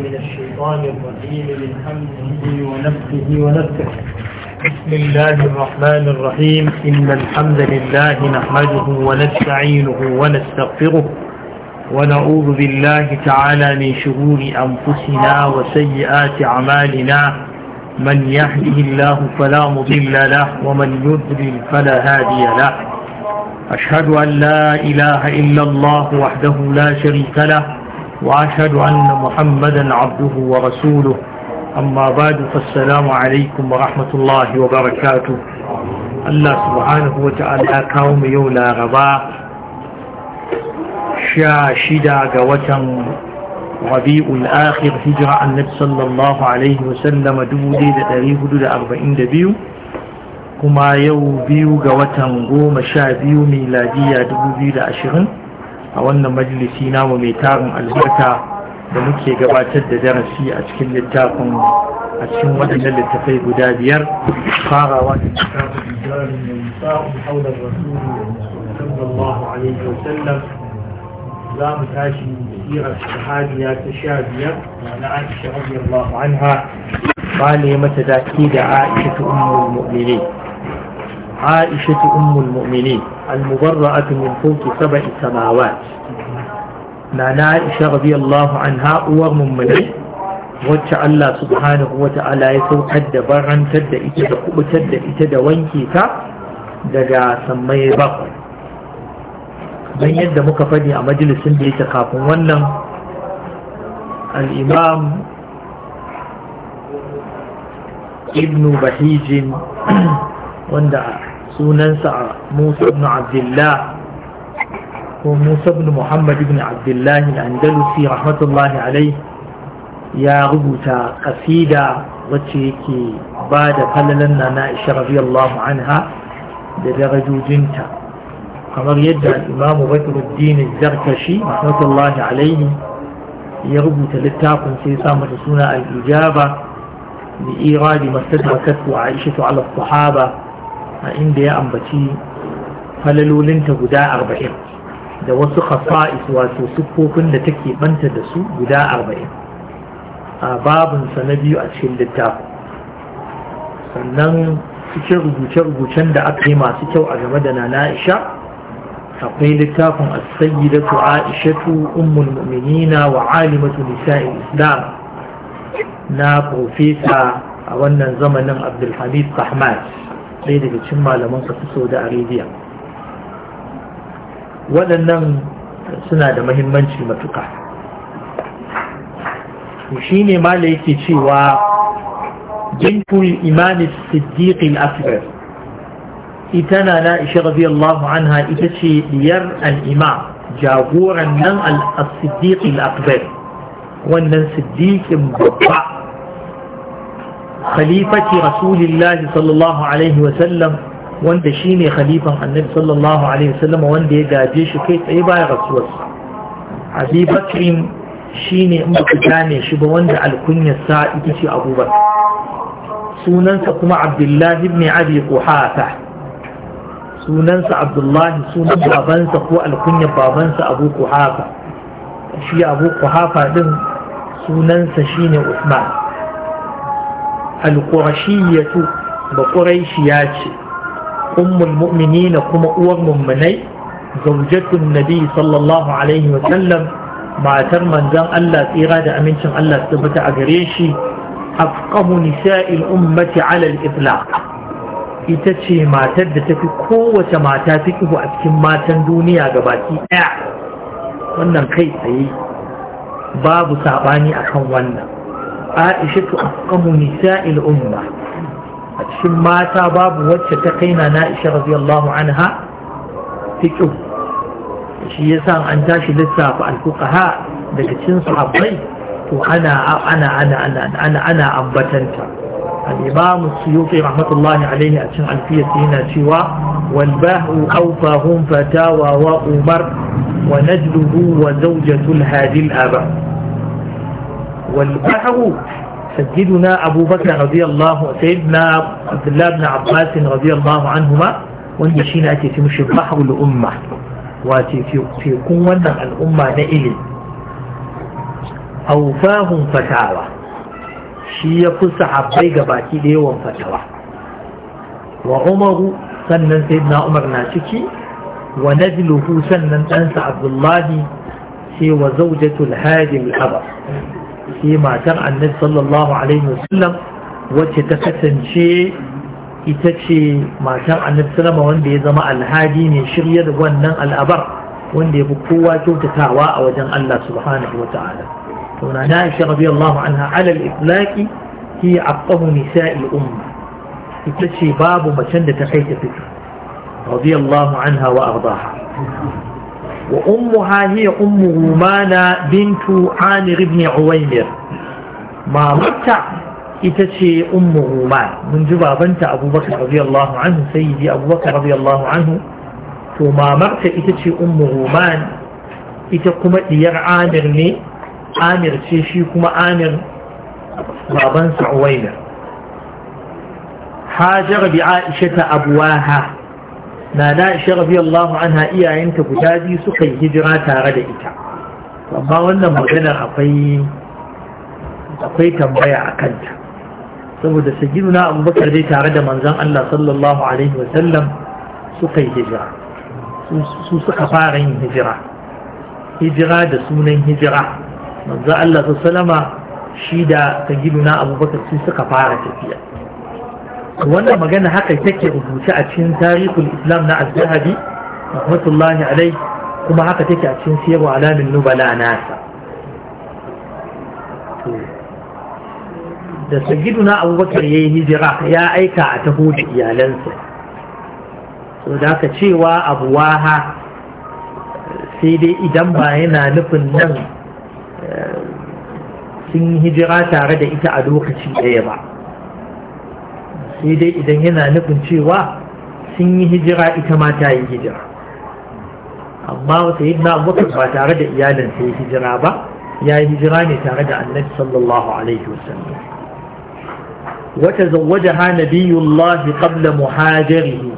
من الشيطان الرجيم من حمده ونفسه ونفسه بسم الله الرحمن الرحيم إن الحمد لله نحمده ونستعينه ونستغفره ونعوذ بالله تعالى من شرور أنفسنا وسيئات أعمالنا من يهده الله فلا مضل له ومن يضلل فلا هادي له أشهد أن لا إله إلا الله وحده لا شريك له وأشهد أن محمدا عبده ورسوله أما بعد فالسلام عليكم ورحمة الله وبركاته الله سبحانه وتعالى كوم يولا غباء شاشدا قوة ربيع الآخر هجرة النبي صلى الله عليه وسلم دولي لتاريخ دول أربعين دبيو كما يو بيو قوة قوم شابيو ميلادية دبو بيو لأشرين a wannan majalisi namu mai tarin albarka da muke gabatar da darasi a cikin littafin a cikin waɗannan littafai guda biyar farawa da littafin rijalun da nisa'un haular rasulu sallallahu alaihi za mu tashi sirar sahabiya ta sha biyar na aisha radiyallahu anha ba ne mata daki da aisha ta ummul mu'minin aisha ta ummul mu'minin المبرأة من فوق سبع سماوات نانا عائشة رضي الله عنها أور من مني وجه الله سبحانه وتعالى يتوحد برا تد إتد قب تد إتد وانكي تا دقا سمي بقر من يد مكفدي مجلس بيت كافون ونم الإمام ابن بحيج wanda sunansa Musa ibn Abdullah ko Musa ibn Muhammad ibn Abdullah al-Andalusi rahmatullahi ya rubuta kasida wacce yake ba da falalan na na radiyallahu anha da darajojinta kamar yadda Imam Bakruddin Zarkashi rahmatullahi alayhi ya rubuta littafin sai sa mata suna al-ijaba bi iradi mastajabatu Aisha aishatu as-sahaba a inda ya ambaci falalolinta guda arba'in da wasu khasa'is wato siffofin da take banta da su guda arba'in a babinsa na biyu a cikin littafin sannan cikin rubuce-rubucen da aka yi masu kyau a game da na Aisha akwai littafin as-sayyidatu Aishatu ummul mu'minina wa alimatu nisa'il islam na profesa a wannan zamanin Abdulhamid Ahmad ɗaya daga cikin malaman da arabiya waɗannan suna da mahimmanci matuka shi ne mala yake cewa jinkul imani siddiqin asgar ita na na ishe radiyallahu anha ita ce diyar al'ima jagoran nan al-siddiqin akbar wannan siddiqin babba khalifati rasulillahi sallallahu alaihi wasallam wanda shi ne khalifan annabi sallallahu alaihi wasallam wanda ya gaje shi kai tsaye baya rasuwarsa abi bakrin shi ne in ba ku gane shi ba wanda alkunyarsa ita ce abubakar sunansa kuma abdullahi ibn abi quhafa sunansa abdullahi sunan babansa ko alkunyar babansa abu quhafa shi abu quhafa din sunansa shine usman al-qurashiyatu ba quraishiya ce ummul mu'minina kuma uwar mummunai zaujatun nabi sallallahu alaihi wa sallam matar manzon Allah tsira da amincin Allah su a gare shi afqahu nisa'il ummati ala al-iflaq ita ce matar da tafi kowace mata fiqhu a cikin matan duniya gabaki daya wannan kai tsaye babu sabani akan wannan aisha tu afqahu nisa'il umma a cikin mata babu wacce ta kaina na aisha radiyallahu anha fiqh shi yasa an tashi lissafa al-fuqaha daga cikin sahabbai to ana ana ana ana ana ana ambatanta al-imam rahmatullahi alayhi a cikin alfiyati yana cewa wal bahu awfahum fatawa wa umar wa najluhu wa zawjatul hadil aba والبحر سيدنا أبو بكر رضي الله سيدنا عبد الله بن عباس رضي الله عنهما shi ne ake ce mishi bahrul umma wace tekun wannan al'umma na ilimi aufahun fatawa shi ya fi sahabbai gabaki da yawan fatawa wa umaru sannan sai umar na ciki wa sannan ɗansa abdullahi sai wa zaujatul hadi al sai matar annabi sallallahu alaihi wasallam wacce ta kasance ita ce matar annabi sallama wanda ya zama alhadi ne shirya da wannan al'abar wanda ya fi kowa kyautatawa a wajen Allah subhanahu wa ta'ala to na Aisha radiyallahu anha alal itlaqi hi aqahu nisa'il umma ita ce babu macen da ta kai ta fito radiyallahu anha wa ardaha وأمها هي أم رومانا بنت عامر بن عويمر mamarta متى itace ummu umar mun ji babanta abubakar radiyallahu anhu sayyidi abubakar radiyallahu anhu to mamarta ita ce ummu umar ita kuma ɗiyar amir ne amir ce shi kuma amir babansa sa'uwaina hajar bi aisha ta abuwa ha na na ishe iyayenta guda biyu suka yi hijira tare da ita amma wannan maganar akwai tambaya a kanta saboda abubakar dai tare da manzan Allah sallallahu alaihi wasallam suka yi hijira su suka fara yin hijira hijira da sunan hijira manzan Allah sallama shi da na abubakar su suka fara tafiya wannan magana haka take rubuce a cikin tarihul islam na az-zahabi rahmatullahi alai kuma haka take a cikin siyar alamin nubala nasa da na abubakar ya yi hijira ya aika a taho da iyalansa so da haka cewa abuwaha sai dai idan ba yana nufin nan eh, sun hijira tare da ita a lokaci ɗaya ba sai dai idan yana nufin cewa sun yi hijira ita ma ta yi hijira amma sayyidina abubakar ba tare da iyalinsa ya hijira ba ya yi hijira ne tare da annabi sallallahu alaihi wasallam wata zawwajaha nabiyullahi qabla muhajirihi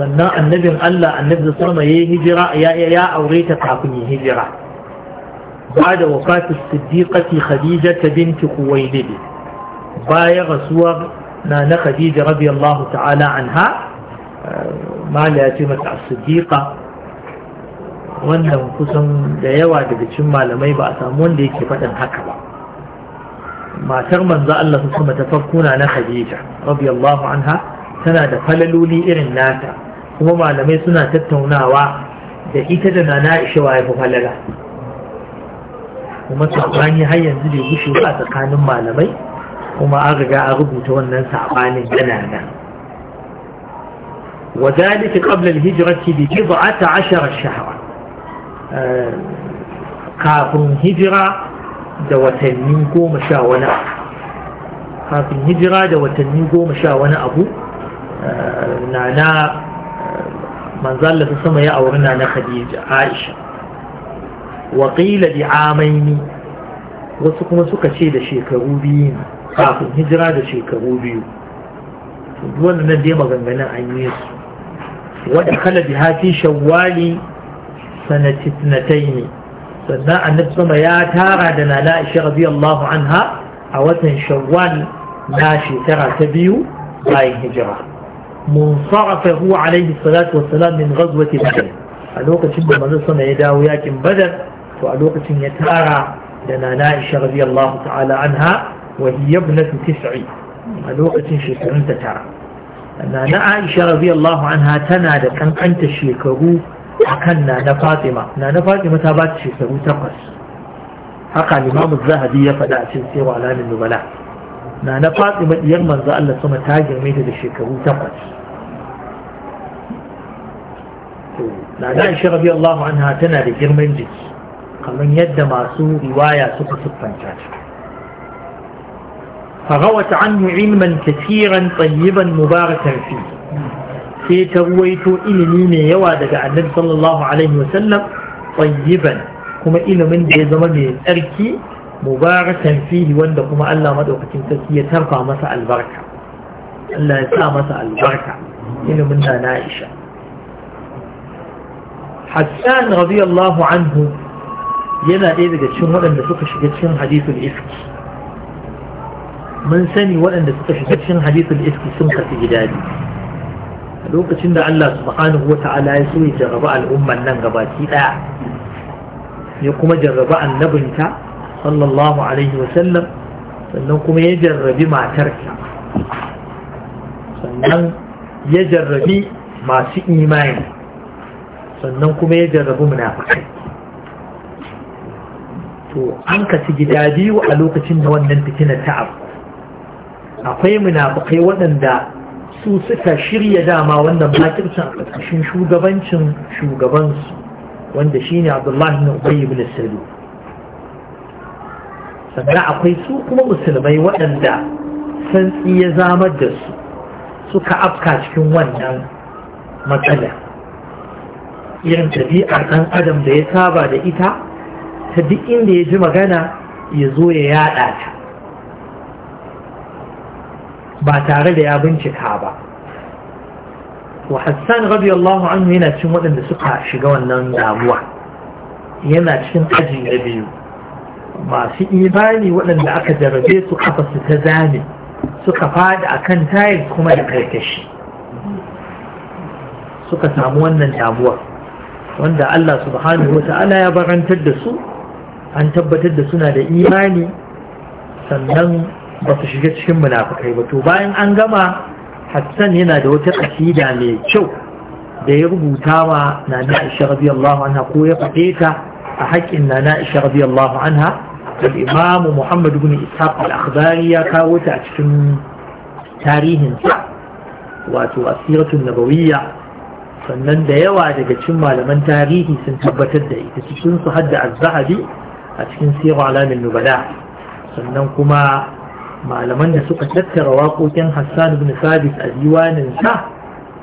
sannan annabin Allah annabi sallama ya hijira ya ya aure ta kafin ya hijira بعد وفاة الصديقة خديجة بنت خويلد بايغ سوغ na khadija radiyallahu ta'ala anha Maliya ya ce mata asidika. wannan kusan da yawa daga cikin malamai ba a samu wanda yake faɗin haka ba matar manzo Allah su kuma tafakkuna na khadija radiyallahu anha tana da falaloli irin nata kuma malamai suna tattaunawa da ita da nana Aisha wa yafi falala kuma tsakani har yanzu bai gushe ba tsakanin malamai kuma an riga a rubuta wannan saɓanin yana nan وذلك قبل الهجرة ببضعة عشر شهرا kafin hijira da watanni goma sha wani abu kafin hijira da watanni goma sha wani abu na na manzalla ta sama ya auri na na khadija aisha waƙila bi amaini wasu kuma suka ce da shekaru biyu kafin hijira da shekaru biyu wannan dai maganganun an yi su wadda kala bi hafi shawali sanatitnatai ne sannan annabi sama ya tara da nana aisha radiyallahu anha a watan shawwal na shekara ta biyu bayan hijira mun alaihi salatu min منصرف هو عليه الصلاة والسلام من غزوة بدر ألوكة من صنع يداو ياكم بدر وألوكة يتارى لنا نائشة رضي الله ta'ala anha وهي ابنة تسعي لوقة شكرون تترى أنا عائشة رضي الله عنها تنادى كان أنت شكرو أكن نانا فاطمة نانا فاطمة تابات شكرو تقص حقا الإمام الزهدي فلا سلسير على النبلاء نانا فاطمة يرمن ذا الله سمى تاجر ميتة شكرو تقص نانا عائشة رضي الله عنها تنادى جرمين جيس kamar yadda masu riwaya suka siffanta ta فروت عنه علما كثيرا طيبا مباركا فيه sai ta ruwaito ilimi mai yawa daga annabi sallallahu alaihi wasallam tayyiban kuma ilimin da ya zama mai tsarki mubarakan fihi wanda kuma Allah madaukakin sarki ya tarfa masa albarka Allah ya sa albarka ilimin da na Aisha Hassan radiyallahu anhu yana ɗaya daga cikin waɗanda suka shiga cikin hadithul iski. mun sani waɗanda suka shiga cikin hadithul iski sun kasu gida ne a lokacin da Allah subhanahu wa ta'ala ya so ya jarraba al'umman nan gabaki ɗaya ya kuma jarraba annabinta sallallahu alaihi wa sallam sannan kuma ya jarrabi matarsa sannan ya jarrabi masu imani sannan kuma ya jarrabi munafikai to an kasu gida biyu a lokacin da wannan fitina ta abu akwai munafukai waɗanda su suka shirya dama wannan makircin a ƙarƙashin shugabancin shugabansu wanda shine abdullahi na ubayi ibn Sirri. sannan akwai su kuma musulmai waɗanda santsi ya zamar da su suka afka cikin wannan matsala irin tabi'ar ɗan adam da ya saba da ita ta duk inda ya ji magana ya zo ya yaɗa ta ba tare da ya bincika ba wa hassan radiyallahu anhu yana cin waɗanda suka shiga wannan damuwa yana cikin aji na biyu masu imani waɗanda aka jarabe su kafa su ta zane suka fada a kan tayil kuma da karkashi suka samu wannan damuwa wanda Allah subhanahu wa ta'ala ya barantar da su an tabbatar da suna da imani sannan ba su shiga cikin munafukai ba to bayan an gama hassan yana da wata ƙasida mai kyau da ya rubuta wa na na'isha radiyallahu anha ko ya faɗe ta a haƙƙin nana na'isha radiyallahu anha al-imam Muhammad ibn Ishaq al-Akhbari ya kawo ta a cikin tarihin sa wato asiratun nabawiyya sannan da yawa daga cikin malaman tarihi sun tabbatar da ita cikin su hadda az-zahabi a cikin sirru alamin nubala sannan kuma malaman da suka tattara waƙoƙin hassan ibn sabis a diwaninsa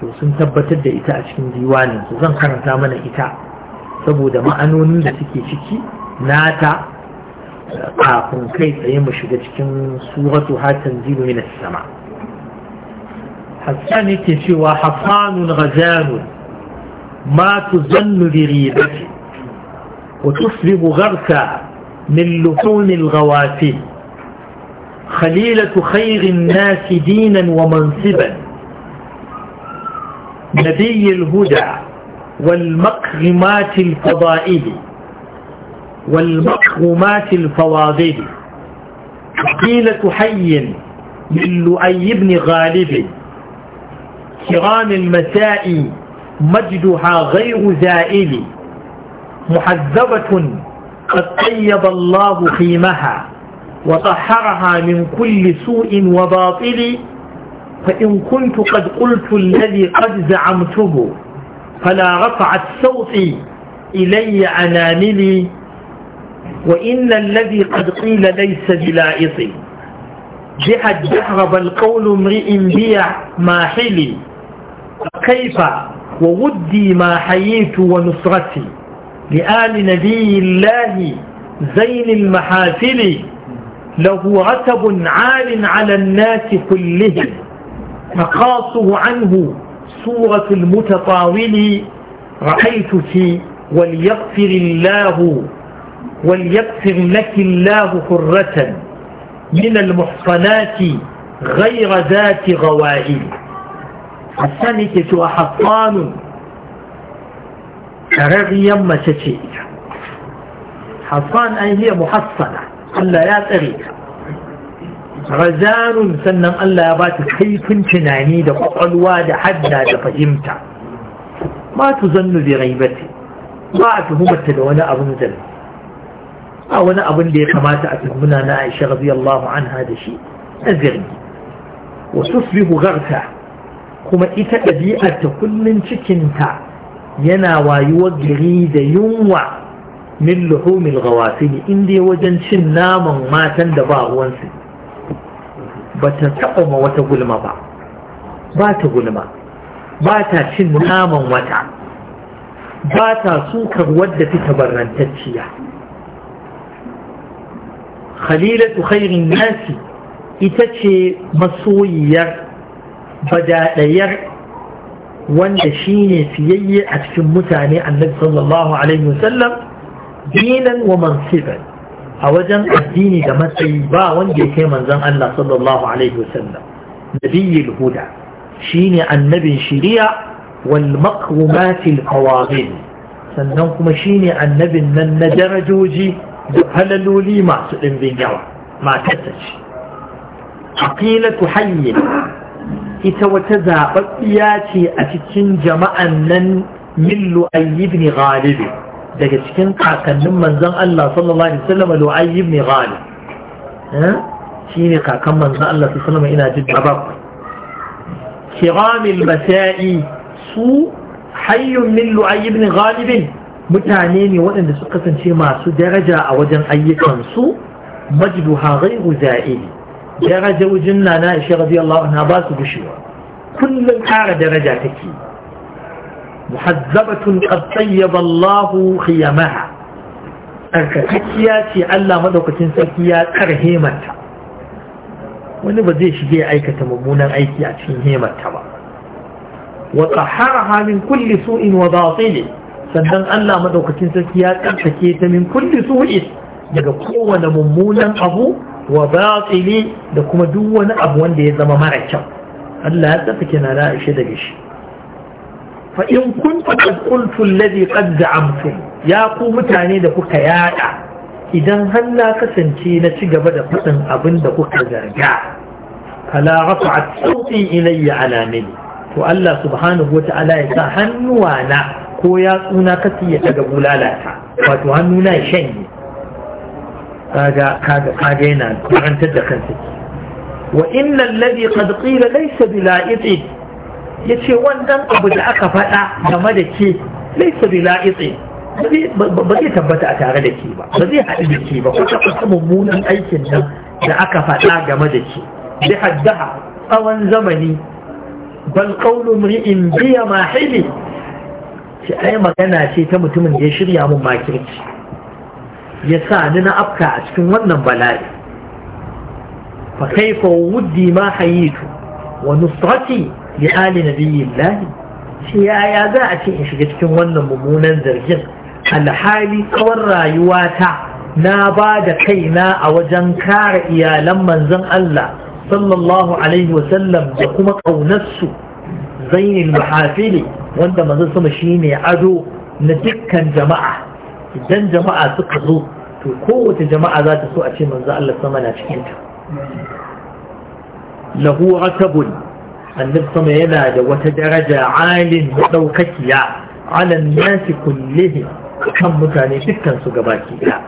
to sun tabbatar da ita a cikin diwaninsu zan karanta mana ita saboda ma'anonin da suke ciki nata eh, kafin kai tsaye mu shiga cikin suratu hatan zilu min sama hassan yake cewa hafanun matu ma tuzannu bi ribati wa tusbihu gharka min luhumil ghawafil خليلة خير الناس دينا ومنصبا نبي الهدى والمقرمات الفضائل والمقرمات الفواضل خليلة حي من لؤي بن غالب كرام المساء مجدها غير زائل محذبة قد طيب الله خيمها وطهرها من كل سوء وباطل فإن كنت قد قلت الذي قد زعمته فلا رفعت صوتي إلي أناملي وإن الذي قد قيل ليس بلائطي جهد جهرب بل قول امرئ بي ماحلي كيف وودي ما حييت ونصرتي لآل نبي الله زين المحافل له عتب عال على الناس كلهم تقاصه عنه سورة المتطاول رأيت في وليغفر الله وليغفر لك الله حرة من المحصنات غير ذات غوائل السنكة حطان كرغيا متشئ حصان أي هي محصنة Allah ya tsare ka razanun sannan Allah ya ba ta kaifin tunani da kwakwalwa da hadda da fahimta ma tu zannu bi ghaibati ba a tuhumarta da wani abun zan ba wani abun da ya kamata a tuhumuna na Aisha radiyallahu anha da shi na zargi wa tusbihu gharta kuma ita ɗabi'arta kullum cikinta yana wayuwar gari da yunwa min luhumil gawasili in dai wajen cin naman matan da ba ruwansu ba ta taɓa ma wata gulma ba ba ta gulma ba ta cin naman wata ba ta sukar wadda ta tabarrantacciya khalilatu khairin nasi ita ce masoyiyar badaɗayar wanda shi ne fiyayye a cikin mutane annabi sallallahu alaihi wasallam dinan wa mansiban a wajen addini da matsayi ba wanda ya kai manzon Allah sallallahu alaihi wasallam nabiyul huda shine annabin shiriya wal maqrumatil qawamin sannan kuma shine annabin nan na darajoji da halaloli masu dimbin yawa matarsa aqilatu hayyin ita wata zababbiya ce a cikin jama'an nan min lu'ayy ibn ghalib daga cikin kakannin manzan Allah sallallahu alaihi wasallam Lu'ayy ibn Ghalib eh? shine kakan manzan Allah sallallahu alaihi wasallam ina jin babak kiramil masa'i su hayyun min Lu'ayy ibn Ghalib mutane ne waɗanda suka kasance masu daraja a wajen ayyukansu majduha ghairu za'ili darajojin nana Aisha radiyallahu anha ba su gushewa kullum ƙara daraja take muhazzabatun qad tayyaba Allahu khiyamaha tsarkakakkiya ce Allah madaukakin sarki ya tsar hemarta wani ba zai shiga ya aikata mummunan aiki a cikin hemarta ba wa taharaha min kulli su'in wa batil sannan Allah madaukakin sarki ya tsarkake ta min kulli su'in daga kowane mummunan abu wa batili da kuma duk wani abu wanda ya zama mara kyau Allah ya tsarkake na da daga shi fa in kuntu qad qultu alladhi qad ya ku mutane da kuka yada idan har kasance na ci gaba da faɗin abin da kuka zarga fala rafa'at sauti ilayya ala mili to Allah subhanahu wa ta'ala ya sa hannuwana ko yatsuna kasi ya daga bulalata wato hannuna ya shanye kaga kaga kaga yana karantar da kansa wa inna alladhi qad qila laysa bila'id ya ce wannan abu da aka faɗa game da ke laifin bi ba zai tabbata a tare da ke ba ba zai haɗu da ke ba kwata kwata mummunan aikin nan da aka faɗa game da ke bi tsawon zamani bal qawlu mri'in biya ma hili ce ai magana ce ta mutumin da ya shirya mun makirci ya sa ni na afka a cikin wannan bala'i fa kaifa wuddi ma hayitu wa nusrati ya ali na biyun lahi ya za a ce in shiga cikin wannan mummunan zargin alhali tsawon ta na ba da kaina a wajen kare iyalan manzon Allah sallallahu alaihi wasallam da kuma ƙaunarsu zainin mahafili wanda manzon sama shi ne ado na dukkan jama'a idan jama'a suka zo to kowace jama'a za ta so a ce manzon Allah sama na cikinta lahu ratabun annabi sama yana da wata daraja alim daukakiya ala nasi kullihi kan mutane dukkan su gabaki daya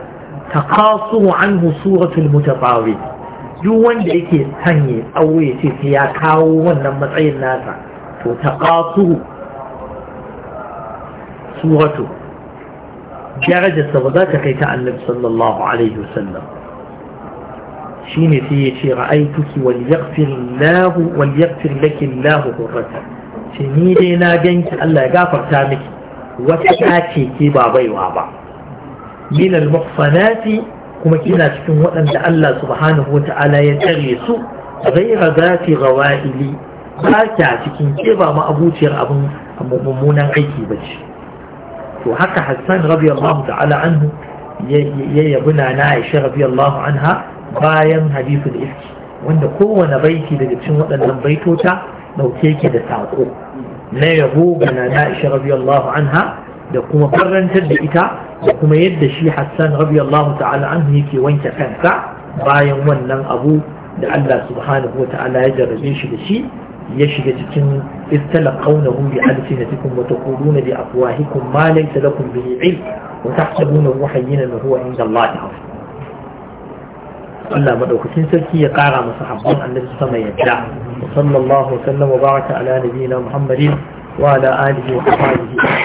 taqasu anhu suratul mutatawi duk wanda yake sanye auye ce sai ya kawo wannan matsayin nasa to taqasu suratu darajarsa ba za ta kai ta annabi sallallahu alaihi wasallam shine sai ya ce ra'aituki wal laki lahu qurrata ce ni dai na ganki Allah ya gafarta miki wata ta ce ke ba baiwa ba min al kuma kina cikin waɗanda Allah subhanahu ta'ala ya tsare su ghayra zati ghawaili ba kya cikin ke ba ma abuciyar abin mummunan aiki ba ce to haka Hassan radiyallahu ta'ala anhu ya yabuna na Aisha radiyallahu anha bayan hadisul iski wanda kowane baiti daga cikin waɗannan baitota ɗauke ke da saƙo na yabo ga nana Aisha radiyallahu anha da kuma farantar da ita da kuma yadda shi Hassan radiyallahu ta'ala anhu yake wanke kansa bayan wannan abu da Allah subhanahu wa ta'ala ya jarrabe shi da shi ya shiga cikin istalaqawnahu bi alsinatikum wa taquluna bi afwahikum ma laysa lakum bihi ilm wa tahsabunahu hayyinan wa huwa inda Allah azim Allah maɗaukacin sarki ya ƙara masa habban annabi sama yadda sallallahu alaihi wa sallam wa baraka ala nabiyina muhammadin wa ala alihi wa sahbihi